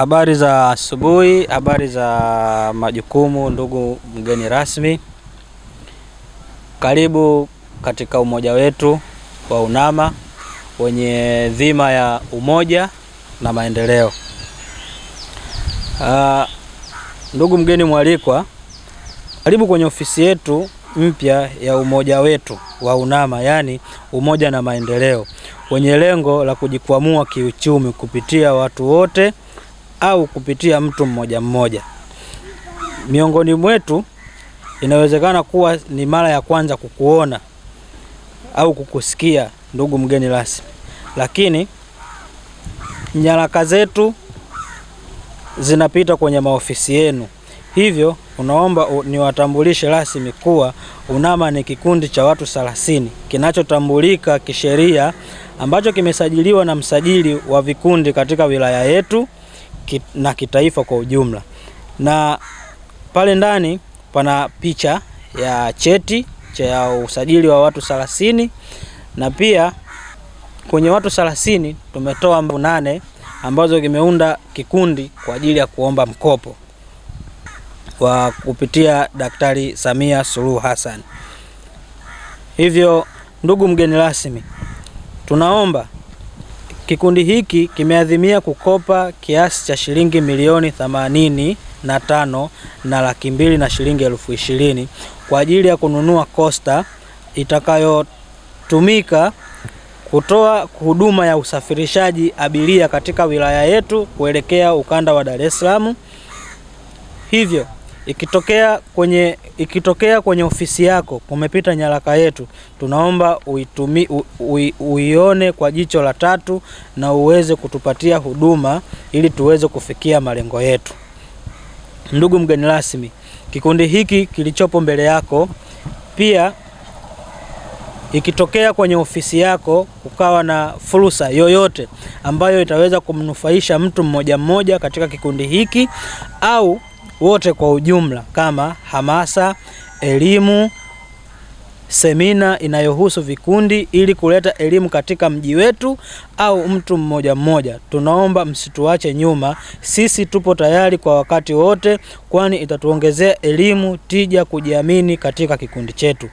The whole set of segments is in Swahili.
Habari za asubuhi, habari za majukumu, ndugu mgeni rasmi, karibu katika umoja wetu wa UNAMA wenye dhima ya umoja na maendeleo. Uh, ndugu mgeni mwalikwa, karibu kwenye ofisi yetu mpya ya umoja wetu wa UNAMA, yaani umoja na maendeleo, wenye lengo la kujikwamua kiuchumi kupitia watu wote au kupitia mtu mmoja mmoja. Miongoni mwetu inawezekana kuwa ni mara ya kwanza kukuona au kukusikia, ndugu mgeni rasmi, lakini nyaraka zetu zinapita kwenye maofisi yenu, hivyo unaomba niwatambulishe rasmi kuwa UNAMA ni kikundi cha watu 30 kinachotambulika kisheria ambacho kimesajiliwa na msajili wa vikundi katika wilaya yetu na kitaifa kwa ujumla. Na pale ndani pana picha ya cheti cha usajili wa watu 30 na pia kwenye watu 30 tumetoa mbu nane ambazo kimeunda kikundi kwa ajili ya kuomba mkopo wa kupitia Daktari Samia Suluhu Hassan. Hivyo ndugu mgeni rasmi, tunaomba Kikundi hiki kimeazimia kukopa kiasi cha shilingi milioni themanini na tano na laki mbili na shilingi elfu ishirini kwa ajili ya kununua kosta itakayotumika kutoa huduma ya usafirishaji abiria katika wilaya yetu kuelekea ukanda wa Dar es Salaam. Hivyo Ikitokea kwenye, ikitokea kwenye ofisi yako kumepita nyaraka yetu, tunaomba uitumi, u, u, uione kwa jicho la tatu na uweze kutupatia huduma ili tuweze kufikia malengo yetu. Ndugu mgeni rasmi, kikundi hiki kilichopo mbele yako pia ikitokea kwenye ofisi yako kukawa na fursa yoyote ambayo itaweza kumnufaisha mtu mmoja mmoja katika kikundi hiki au wote kwa ujumla, kama hamasa, elimu, semina inayohusu vikundi, ili kuleta elimu katika mji wetu au mtu mmoja mmoja. Tunaomba msituache nyuma, sisi tupo tayari kwa wakati wote, kwani itatuongezea elimu, tija, kujiamini katika kikundi chetu.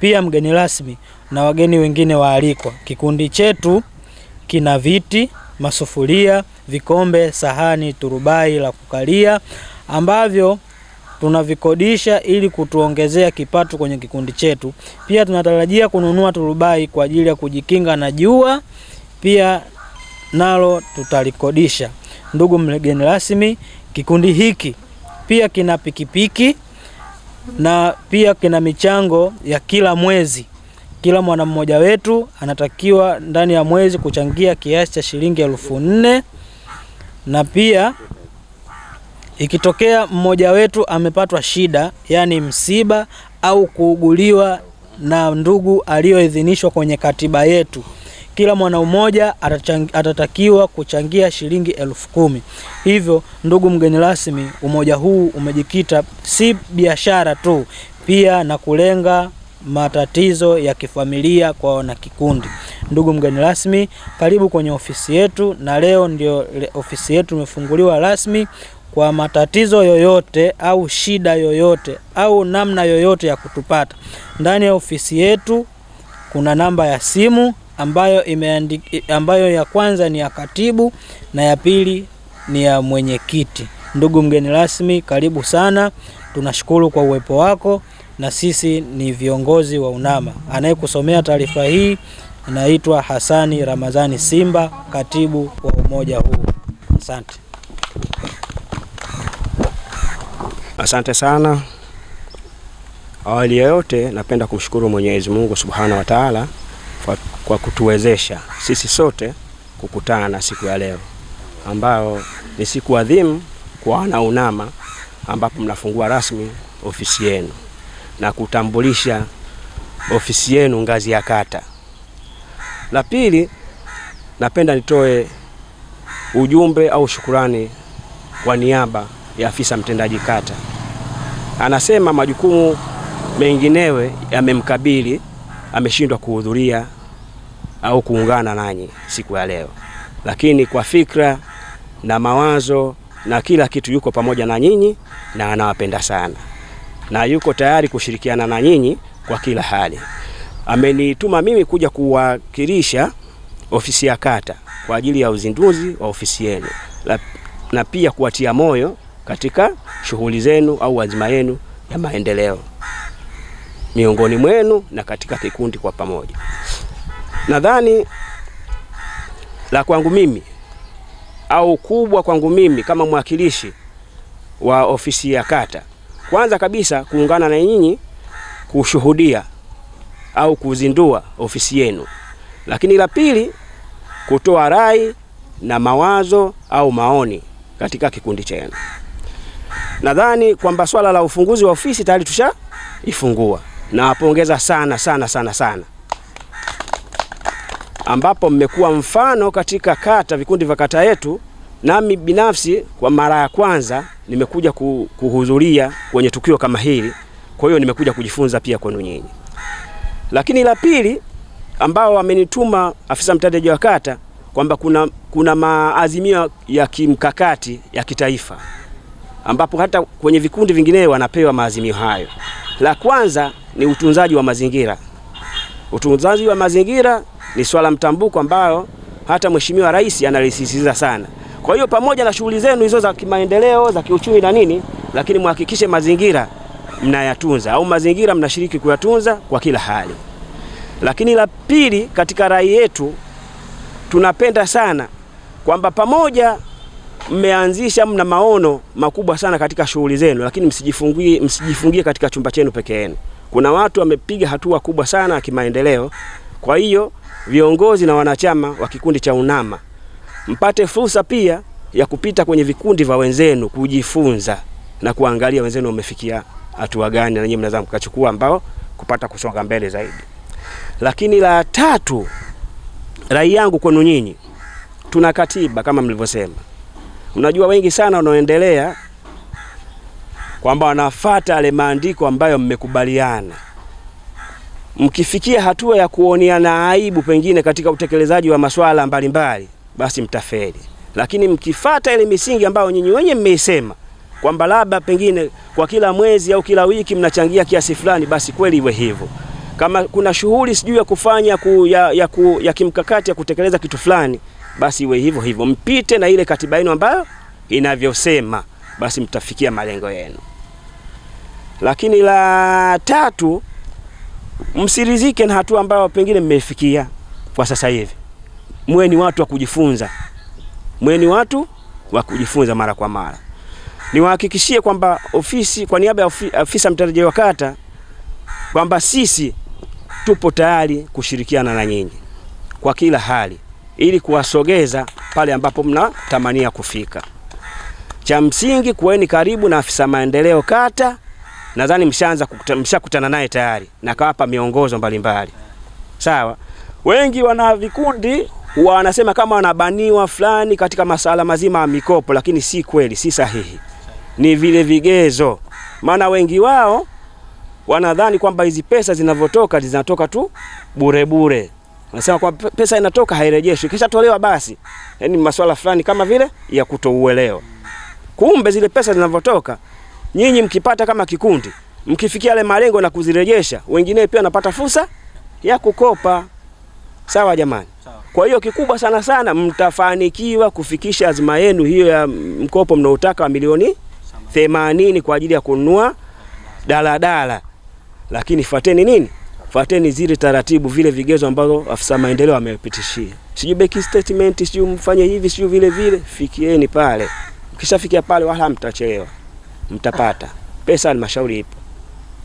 Pia mgeni rasmi na wageni wengine waalikwa, kikundi chetu kina viti, masufuria, vikombe, sahani, turubai la kukalia ambavyo tunavikodisha ili kutuongezea kipato kwenye kikundi chetu. Pia tunatarajia kununua turubai kwa ajili ya kujikinga na jua, pia nalo tutalikodisha. Ndugu mgeni rasmi, kikundi hiki pia kina pikipiki na pia kina michango ya kila mwezi. Kila mwana mmoja wetu anatakiwa ndani ya mwezi kuchangia kiasi cha shilingi elfu nne na pia Ikitokea mmoja wetu amepatwa shida, yaani msiba au kuuguliwa na ndugu aliyoidhinishwa kwenye katiba yetu, kila mmoja atatakiwa kuchangia shilingi elfu kumi. Hivyo ndugu mgeni rasmi, umoja huu umejikita si biashara tu, pia na kulenga matatizo ya kifamilia kwa wanakikundi. Ndugu mgeni rasmi, karibu kwenye ofisi yetu, na leo ndio ofisi yetu imefunguliwa rasmi kwa matatizo yoyote au shida yoyote au namna yoyote ya kutupata. Ndani ya ofisi yetu kuna namba ya simu ambayo imeandik, ambayo ya kwanza ni ya katibu na ya pili ni ya mwenyekiti. Ndugu mgeni rasmi, karibu sana, tunashukuru kwa uwepo wako na sisi ni viongozi wa UNAMA. Anayekusomea taarifa hii anaitwa Hasani Ramadhani Simba, katibu wa umoja huu. Asante. Asante sana. Awali ya yote, napenda kumshukuru Mwenyezi Mungu Subhanahu wa Ta'ala kwa kutuwezesha sisi sote kukutana siku ya leo ambayo ni siku adhimu kwa wanaUNAMA, ambapo mnafungua rasmi ofisi yenu na kutambulisha ofisi yenu ngazi ya kata. La pili, napenda nitoe ujumbe au shukurani kwa niaba ya afisa mtendaji kata. Anasema majukumu menginewe yamemkabili, ameshindwa kuhudhuria au kuungana nanyi siku ya leo, lakini kwa fikra na mawazo na kila kitu yuko pamoja na nyinyi na anawapenda sana na yuko tayari kushirikiana na nyinyi kwa kila hali. Amenituma mimi kuja kuwakilisha ofisi ya kata kwa ajili ya uzinduzi wa ofisi yenu na pia kuwatia moyo katika shughuli zenu au azima yenu ya maendeleo miongoni mwenu na katika kikundi kwa pamoja. Nadhani la kwangu mimi au kubwa kwangu mimi kama mwakilishi wa ofisi ya kata, kwanza kabisa kuungana na nyinyi kushuhudia au kuzindua ofisi yenu, lakini la pili kutoa rai na mawazo au maoni katika kikundi chenu nadhani kwamba swala la ufunguzi wa ofisi tayari tushaifungua. Nawapongeza sana sana sana sana, ambapo mmekuwa mfano katika kata, vikundi vya kata yetu. Nami binafsi kwa mara ya kwanza nimekuja kuhudhuria kwenye tukio kama hili, kwa hiyo nimekuja kujifunza pia kwenu nyinyi. Lakini la pili ambao wamenituma afisa mtendaji wa kata kwamba kuna, kuna maazimio ya kimkakati ya kitaifa ambapo hata kwenye vikundi vingineo wanapewa maazimio hayo. La kwanza ni utunzaji wa mazingira. Utunzaji wa mazingira ni swala mtambuko ambalo hata Mheshimiwa Rais analisisitiza sana. Kwa hiyo pamoja na shughuli zenu hizo za kimaendeleo za kiuchumi na nini, lakini mhakikishe mazingira mnayatunza au mazingira mnashiriki kuyatunza kwa kila hali. Lakini la pili, katika rai yetu tunapenda sana kwamba pamoja mmeanzisha, mna maono makubwa sana katika shughuli zenu, lakini msijifungie, msijifungie katika chumba chenu peke yenu. Kuna watu wamepiga hatua kubwa sana ya kimaendeleo. Kwa hiyo viongozi na wanachama wa kikundi cha UNAMA mpate fursa pia ya kupita kwenye vikundi vya wenzenu kujifunza na kuangalia wenzenu wamefikia hatua gani, na nyinyi mnaweza mkachukua ambao kupata kusonga mbele zaidi. Lakini la tatu, rai yangu kwenu nyinyi, tuna katiba kama mlivyosema. Unajua wengi sana wanaoendelea kwamba wanafata yale maandiko ambayo mmekubaliana. Mkifikia hatua ya kuoneana aibu pengine katika utekelezaji wa masuala mbalimbali, basi mtafeli. Lakini mkifata ile misingi ambayo nyinyi wenye mmeisema kwamba labda pengine kwa kila mwezi au kila wiki mnachangia kiasi fulani, basi kweli iwe hivyo. Kama kuna shughuli sijui ya kufanya ya, ya, ya, ya kimkakati ya kutekeleza kitu fulani basi iwe hivyo hivyo, mpite na ile katiba yenu ambayo inavyosema, basi mtafikia malengo yenu. Lakini la tatu, msirizike na hatua ambayo pengine mmefikia kwa sasa hivi. Mwe ni watu wa kujifunza, mwe ni watu wa kujifunza mara kwa mara. Niwahakikishie kwamba ofisi, kwa niaba ya afisa mtendaji wa kata, kwamba sisi tupo tayari kushirikiana na nyinyi kwa kila hali ili kuwasogeza pale ambapo mnatamania kufika. Cha msingi kuweni karibu na afisa maendeleo kata, nadhani mshaanza mshakutana naye tayari na kawapa miongozo mbalimbali mbali. Sawa, wengi wana vikundi wanasema kama wanabaniwa fulani katika masala mazima ya mikopo, lakini si kweli, si sahihi, ni vile vigezo. Maana wengi wao wanadhani kwamba hizi pesa zinavyotoka zinatoka tu burebure bure. Anasema kwa pesa inatoka hairejeshwi, kisha tolewa basi. Yaani masuala fulani kama vile ya kutouelewa. Kumbe zile pesa zinavyotoka, nyinyi mkipata kama kikundi, mkifikia yale malengo na kuzirejesha, wengine pia wanapata fursa ya kukopa. Sawa jamani? Kwa hiyo kikubwa sana sana mtafanikiwa kufikisha azma yenu hiyo ya mkopo mnaotaka wa milioni themanini kwa ajili ya kununua daladala, lakini fuateni nini Fuateni zile taratibu, vile vigezo ambavyo afisa maendeleo amepitishia, sijui bank statement, sijui mfanye hivi, siju vile vile. Fikieni pale, ukishafikia pale wala mtachelewa, mtapata pesa. Halmashauri ipo.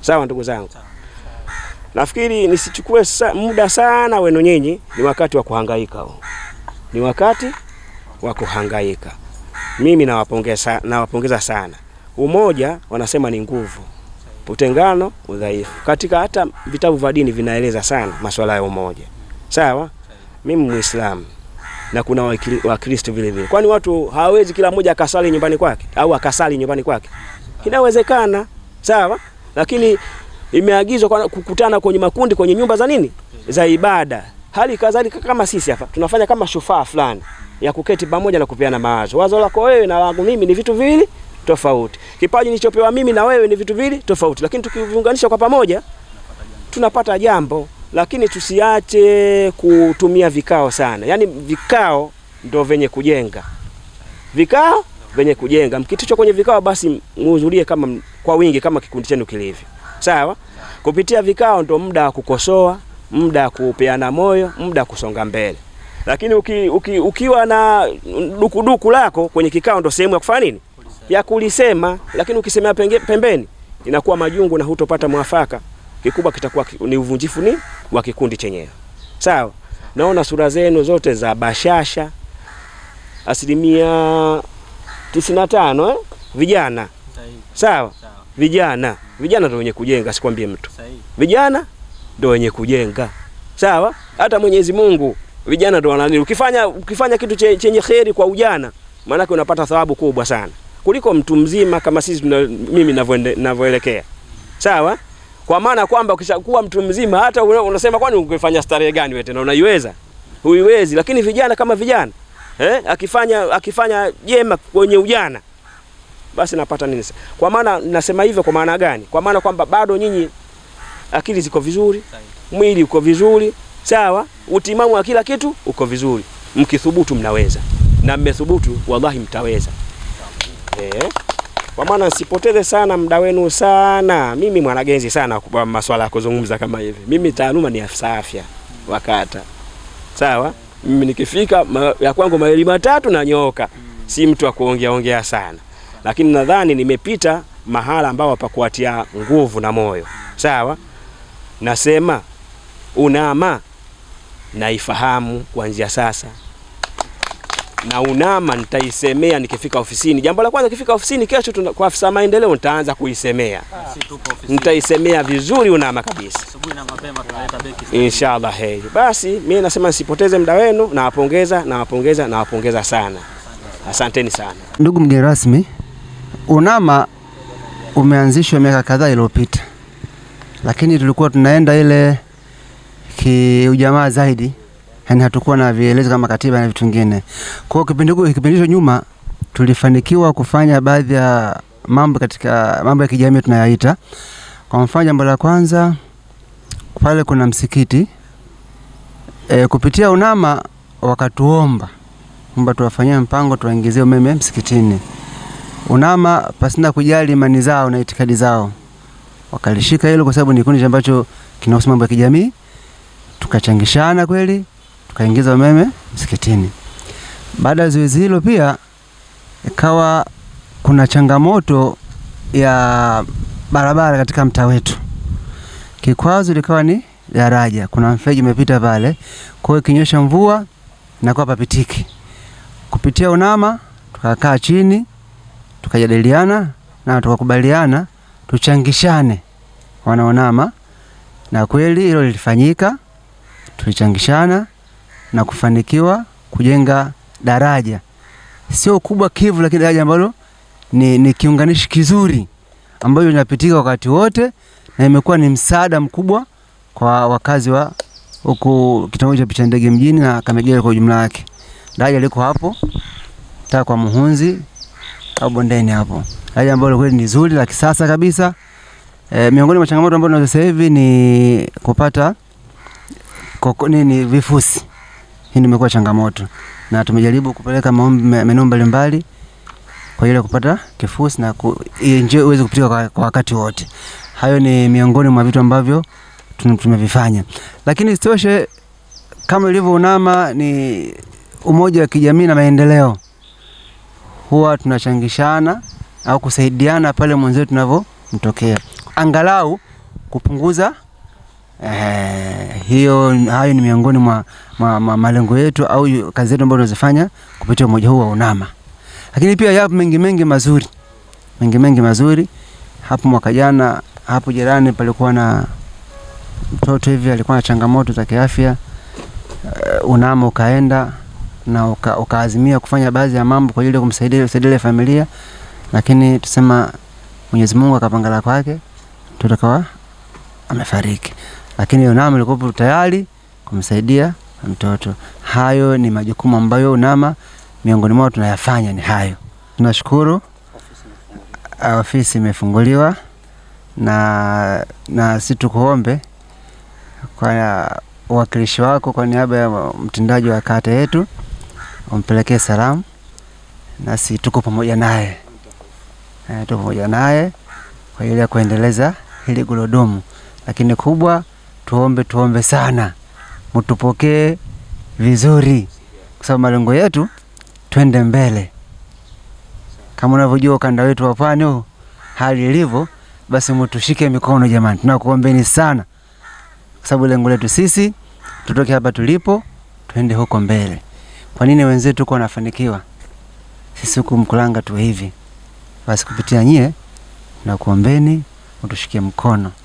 Sawa ndugu zangu, nafikiri nisichukue sa, muda sana wenu nyinyi. Ni wakati wa kuhangaika huu, ni wakati wa kuhangaika. Mimi nawapongeza, nawapongeza sana. Umoja wanasema ni nguvu utengano, udhaifu. Katika hata vitabu vya dini vinaeleza sana masuala ya umoja. Sawa? Mimi Muislamu na kuna Wakristo vile vile. Kwani watu hawawezi kila mmoja akasali nyumbani kwake au akasali nyumbani kwake? Inawezekana. Sawa? Lakini imeagizwa kukutana kwenye makundi kwenye nyumba za nini? Za ibada. Hali kadhalika kama sisi hapa tunafanya kama shufaa fulani ya kuketi pamoja na kupeana mawazo. Wazo lako wewe na langu mimi ni vitu viwili tofauti. Kipaji nilichopewa mimi na wewe ni vitu vili tofauti, lakini tukiviunganisha kwa pamoja tunapata jambo. Lakini tusiache kutumia vikao sana, yaani vikao ndo venye kujenga, vikao venye kujenga. Mkitishwa kwenye vikao, basi mhudhurie kama kwa wingi kama kikundi chenu kilivyo, sawa. Kupitia vikao ndo muda wa kukosoa, muda wa kupeana moyo, muda wa kusonga mbele. Lakini uki, uki, ukiwa na dukuduku lako kwenye kikao, ndo sehemu ya kufanya nini ya kulisema, lakini ukisemea pembeni inakuwa majungu na hutopata mwafaka. Kikubwa kitakuwa ni uvunjifu ni wa kikundi chenyewe. Sawa, naona sura zenu zote za bashasha, asilimia tisini na tano eh? Vijana sawa, vijana vijana ndio wenye kujenga, sikwambie mtu, vijana ndio wenye kujenga. Sawa, hata Mwenyezi Mungu vijana ndio wanalini. Ukifanya ukifanya kitu chenye kheri kwa ujana, maanake unapata thawabu kubwa sana kuliko mtu mzima kama sisi mimi ninavyoelekea. Sawa? Kwa maana kwamba ukishakuwa mtu mzima hata unasema kwani ungefanya starehe gani wewe tena unaiweza? Huiwezi, lakini vijana kama vijana eh, akifanya akifanya jema kwenye ujana basi napata nini? Kwa maana nasema hivyo kwa maana gani? Kwa maana kwamba bado nyinyi akili ziko vizuri, mwili uko vizuri, sawa, utimamu wa kila kitu uko vizuri. Mkithubutu mnaweza, na mmethubutu, wallahi mtaweza eh, kwa maana sipoteze sana muda wenu sana. Mimi mwanagenzi sana kwa masuala ya kuzungumza kama hivi. Mimi taaluma ni afisa afya wa kata, sawa. Mimi nikifika ma, ya kwangu maili matatu na nyoka, si mtu wa kuongea ongea sana, lakini nadhani nimepita mahala ambao pa kuatia nguvu na moyo, sawa. Nasema UNAMA naifahamu kuanzia sasa na UNAMA nitaisemea nikifika ofisini. Jambo la kwanza, kifika ofisini kesho kwa afisa maendeleo nitaanza kuisemea, nitaisemea vizuri UNAMA kabisa, asubuhi na mapema tunaleta beki inshallah. basi, mimi nasema nisipoteze muda wenu, nawapongeza, nawapongeza, nawapongeza sana, asanteni sana. Ndugu mgeni rasmi, UNAMA umeanzishwa miaka kadhaa iliyopita, lakini tulikuwa tunaenda ile kiujamaa zaidi yani hatukuwa na vielezo kama katiba na vitu vingine. Kwa hiyo kipindi hicho, kipindi hicho nyuma tulifanikiwa kufanya baadhi ya mambo katika mambo ya kijamii tunayaita. Kwa mfano, jambo la kwanza pale kuna msikiti e, kupitia UNAMA wakatuomba kwamba tuwafanyie mpango tuwaingizie umeme msikitini. UNAMA pasina kujali imani zao na itikadi zao wakalishika hilo, kwa sababu ni kikundi ambacho kinahusu mambo ya kijamii. Tukachangishana kweli, tukaingiza umeme msikitini. Baada ya zoezi hilo, pia ikawa kuna changamoto ya barabara katika mtaa wetu. Kikwazo likawa ni daraja, kuna mfeji umepita pale, kwa hiyo ikinyesha mvua na kwa papitiki kupitia UNAMA. Tukakaa chini tukajadiliana na tukakubaliana tuchangishane wana UNAMA, na kweli hilo lilifanyika, tulichangishana na kufanikiwa kujenga daraja sio kubwa kivu, lakini daraja ambalo ni, ni kiunganishi kizuri ambayo inapitika wakati wote na imekuwa ni msaada mkubwa kwa wakazi wa huku kitongoji cha Picha Ndege mjini na Kamegere kwa ujumla wake. Daraja liko hapo taa kwa Muhunzi au bondeni hapo, daraja ambalo kweli ni zuri la kisasa kabisa. E, miongoni mwa changamoto ambazo sasa hivi ni kupata koko, nini vifusi hii nimekuwa changamoto na tumejaribu kupeleka maombi maeneo mbalimbali kwa ile kupata kifusi na njia uweze kupitika kwa, kwa wakati wote. Hayo ni miongoni mwa vitu ambavyo tumevifanya, lakini isitoshe kama ilivyo UNAMA ni umoja wa kijamii na maendeleo, huwa tunachangishana au kusaidiana pale mwenzetu tunavyomtokea, angalau kupunguza Eh, hiyo hayo ni miongoni mwa, ma, ma, malengo yetu au kazi zetu ambazo tunazifanya kupitia umoja huu wa UNAMA, lakini pia yapo mengi mengi mazuri, mengi mengi mazuri. Hapo mwaka jana hapo jirani palikuwa na mtoto hivi alikuwa na changamoto za kiafya. Uh, UNAMA ukaenda na uka, ukaazimia kufanya baadhi ya mambo kwa ajili ya kumsaidia usaidia familia, lakini tusema Mwenyezi Mungu akapanga la kwake, mtoto kawa amefariki lakini unama alikuwa tayari kumsaidia mtoto. Hayo ni majukumu ambayo unama miongoni mwao tunayafanya ni hayo. Tunashukuru ofisi imefunguliwa na, na si tukuombe kwa uwakilishi wako kwa niaba ya mtendaji wa kata yetu umpelekee salamu, nasi tuko pamoja naye e, tuko pamoja naye kwa ajili ya kuendeleza hili gurudumu, lakini kubwa tuombe, tuombe sana, mtupokee vizuri, kwa sababu malengo yetu twende mbele. Kama unavyojua ukanda wetu wa pwani hali ilivyo, basi mtushike mikono jamani, tunakuombeni sana, kwa sababu lengo letu sisi tutoke hapa tulipo tuende huko mbele. Kwa nini wenzetu kwa wanafanikiwa, sisi huku Mkuranga tu hivi? Basi kupitia nyie nakuombeni mtushike mkono.